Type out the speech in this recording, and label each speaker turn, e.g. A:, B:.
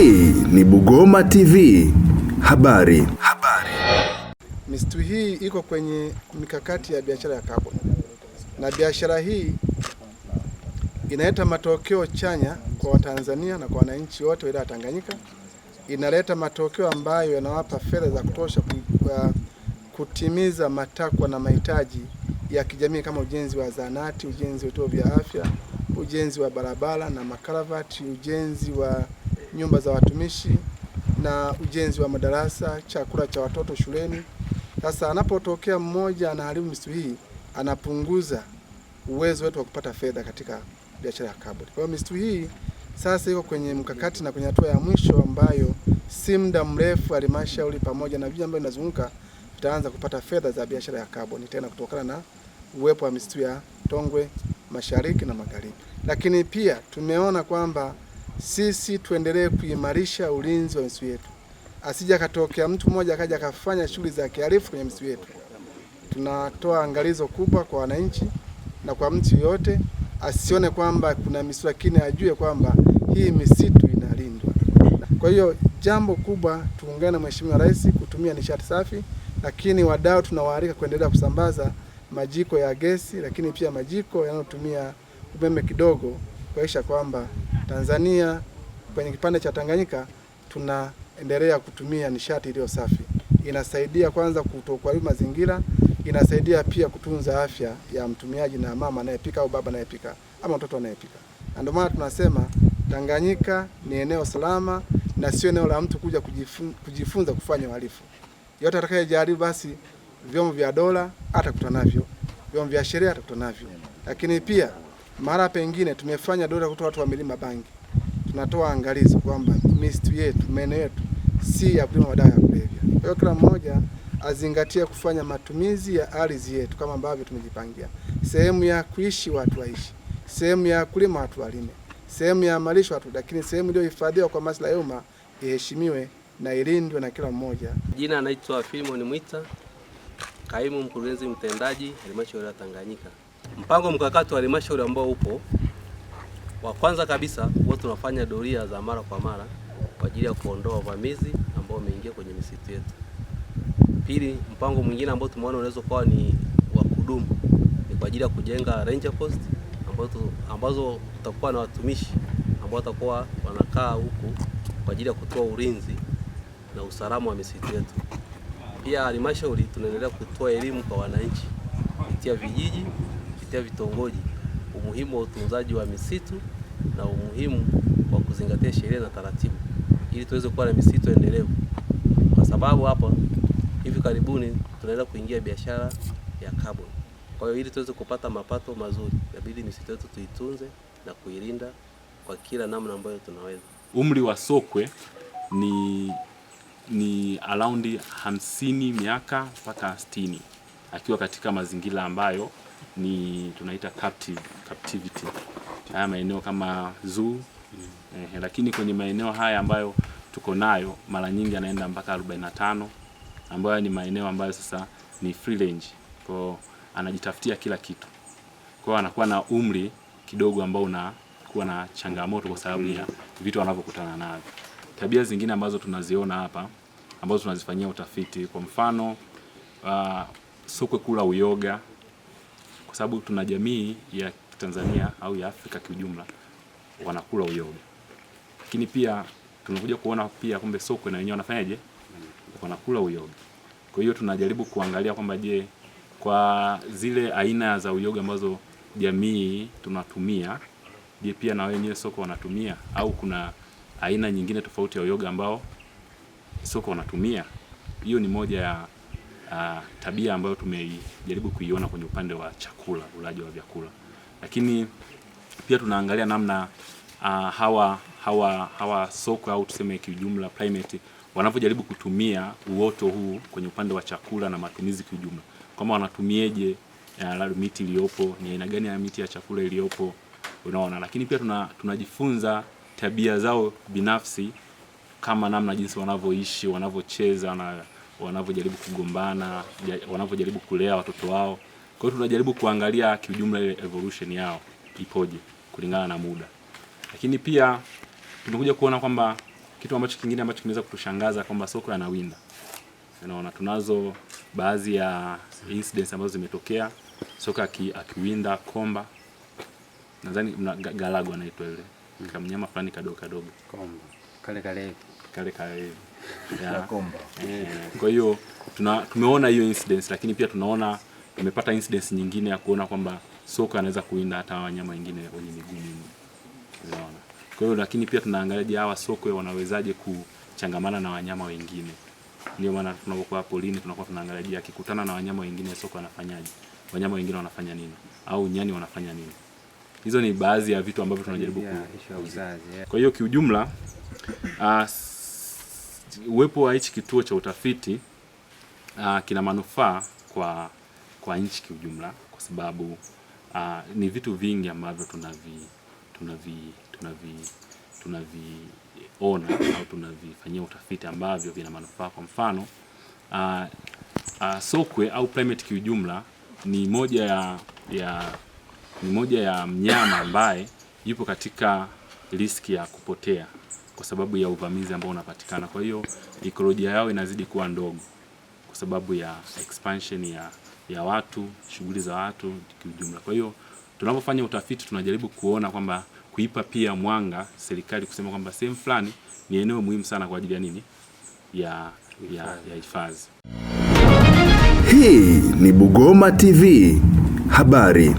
A: Hii ni Bugoma TV. Habari. Habari. Misitu hii iko kwenye mikakati ya biashara ya kaboni na biashara hii inaleta matokeo chanya kwa Watanzania na kwa wananchi wote wa Tanganyika. Inaleta matokeo ambayo yanawapa fedha za kutosha uh, kutimiza matakwa na mahitaji ya kijamii kama ujenzi wa zahanati, ujenzi wa vituo vya afya, ujenzi wa barabara na makaravati, ujenzi wa nyumba za watumishi na ujenzi wa madarasa, chakula cha watoto shuleni. Sasa anapotokea mmoja anaharibu misitu hii, anapunguza uwezo wetu wa kupata fedha katika biashara ya kaboni. Kwa hiyo misitu hii sasa iko kwenye mkakati na kwenye hatua ya mwisho ambayo si muda mrefu halmashauri pamoja na vijiji ambavyo vinazunguka vitaanza kupata fedha za biashara ya kaboni tena kutokana na uwepo wa misitu ya Tongwe mashariki na magharibi. Lakini pia tumeona kwamba sisi tuendelee kuimarisha ulinzi wa misitu yetu, asija katokea mtu mmoja akaja akafanya shughuli za kihalifu kwenye misitu yetu. Tunatoa angalizo kubwa kwa wananchi na kwa mtu yoyote asione kwamba kuna misitu, lakini ajue kwamba hii misitu inalindwa. Kwa hiyo jambo kubwa, tuungane na Mheshimiwa Rais kutumia nishati safi, lakini wadau tunawaalika kuendelea kusambaza majiko ya gesi, lakini pia majiko yanayotumia umeme kidogo kuhakikisha kwamba Tanzania kwenye kipande cha Tanganyika tunaendelea kutumia nishati iliyo safi. Inasaidia kwanza kutokuharibu mazingira, inasaidia pia kutunza afya ya mtumiaji na mama anayepika au baba anayepika ama mtoto anayepika. Ndio maana tunasema Tanganyika ni eneo salama na sio eneo la mtu kuja kujifunza, kujifunza kufanya uhalifu. Yote atakayejaribu basi vyombo vya dola atakutana navyo, vyombo vya sheria atakutana navyo, lakini pia mara pengine tumefanya dola kutoa watu wa milima bangi, tunatoa angalizo kwamba misitu yetu, maeneo yetu si ya kulima madawa ya kulevya. Kwa hiyo kila mmoja azingatie kufanya matumizi ya ardhi yetu kama ambavyo tumejipangia, sehemu ya kuishi watu waishi, sehemu ya kulima watu walime, sehemu ya malisho watu, lakini sehemu iliyohifadhiwa kwa maslahi ya umma iheshimiwe na ilindwe na kila mmoja.
B: Jina anaitwa Filimon Mwita, kaimu mkurugenzi mtendaji halmashauri ya Tanganyika. Mpango mkakati wa halmashauri ambao upo wa kwanza kabisa, huwa tunafanya doria za mara kwa mara kwa ajili ya kuondoa wavamizi ambao wameingia kwenye misitu yetu. Pili, mpango mwingine ambao tumeona unaweza kuwa ni wa kudumu ni kwa ajili ya kujenga ranger post ambazo, ambazo tutakuwa na watumishi ambao watakuwa wanakaa huku kwa ajili ya kutoa ulinzi na usalama wa misitu yetu. Pia halmashauri tunaendelea kutoa elimu kwa wananchi kupitia vijiji kupitia vitongoji umuhimu wa utunzaji wa misitu na umuhimu wa kuzingatia sheria na taratibu ili tuweze kuwa na misitu endelevu, kwa sababu hapa hivi karibuni tunaenda kuingia biashara ya carbon. Kwa hiyo ili tuweze kupata mapato mazuri, inabidi misitu yetu tuitunze na kuilinda kwa kila namna ambayo tunaweza.
C: Umri wa sokwe ni ni around hamsini miaka mpaka sitini akiwa katika mazingira ambayo ni tunaita captive, captivity haya maeneo kama zoo eh, lakini kwenye maeneo haya ambayo tuko nayo mara nyingi anaenda mpaka 45 ambayo ni maeneo ambayo sasa ni free range, kwa anajitafutia kila kitu, kwa anakuwa na umri kidogo ambao unakuwa na changamoto kwa sababu ya vitu wanavyokutana navyo. Tabia zingine ambazo tunaziona hapa ambazo tunazifanyia utafiti, kwa mfano uh, sokwe kula uyoga kwa sababu tuna jamii ya Tanzania au ya Afrika kiujumla wanakula uyoga, lakini pia tunakuja kuona pia kumbe sokwe na wenyewe wanafanyaje, wanakula uyoga. Kwa hiyo tunajaribu kuangalia kwamba je, kwa zile aina za uyoga ambazo jamii tunatumia, je, pia na wenyewe soko wanatumia au kuna aina nyingine tofauti ya uyoga ambao soko wanatumia? Hiyo ni moja ya uh, tabia ambayo tumejaribu kuiona kwenye upande wa chakula, ulaji wa vyakula, lakini pia tunaangalia namna uh, hawa hawa hawa soko au tuseme kiujumla primate wanavyojaribu kutumia uoto huu kwenye upande wa chakula na matumizi kiujumla, kama wanatumieje uh, ah, miti iliyopo, ni aina gani ya miti ya chakula iliyopo, unaona. Lakini pia tuna, tunajifunza tabia zao binafsi kama namna jinsi wanavyoishi, wanavyocheza na wanavyojaribu kugombana, wanavyojaribu kulea watoto wao. Kwa hiyo tunajaribu kuangalia kiujumla ile evolution yao ipoje kulingana na muda, lakini pia tumekuja kuona kwamba kitu ambacho kingine ambacho kimeweza kutushangaza kwamba soko yanawinda. Unaona, tunazo baadhi ya incidents ambazo zimetokea soko akiwinda komba, nadhani galago anaitwa kama mnyama fulani kadogo kadogo
D: komba kale kale kale kale ya komba. Eh,
C: kwa hiyo tuna tumeona hiyo incidence, lakini pia tunaona tumepata incidence nyingine ya kuona kwamba soko anaweza kuinda hata wanyama wengine wenye miguu mingi, unaona. Kwa hiyo lakini pia tunaangalia je, hawa sokwe wanawezaje kuchangamana na wanyama wengine. Ndio maana tunapokuwa polini tunakuwa tunaangalia akikutana na wanyama wengine sokwe anafanyaje, wanyama wengine wanafanya nini, au nyani wanafanya nini. Hizo ni baadhi ya vitu ambavyo tunajaribu ku. Kwa hiyo kiujumla Uh, uwepo wa hichi kituo cha utafiti uh, kina manufaa kwa, kwa nchi kiujumla kwa sababu uh, ni vitu vingi ambavyo tunavi tunavi tunavi tunaviona au tunavifanyia utafiti ambavyo vina manufaa. Kwa mfano uh, uh, sokwe au primate kiujumla ni moja ya, ya, ni moja ya mnyama ambaye yupo katika riski ya kupotea kwa sababu ya uvamizi ambao unapatikana. Kwa hiyo ekolojia yao inazidi kuwa ndogo kwa sababu ya expansion ya, ya watu, shughuli za watu kiujumla. Kwa hiyo tunapofanya utafiti tunajaribu kuona kwamba kuipa pia mwanga serikali kusema kwamba sehemu fulani ni eneo muhimu sana kwa ajili ya nini, ya hifadhi. Hii ni Bugoma TV habari.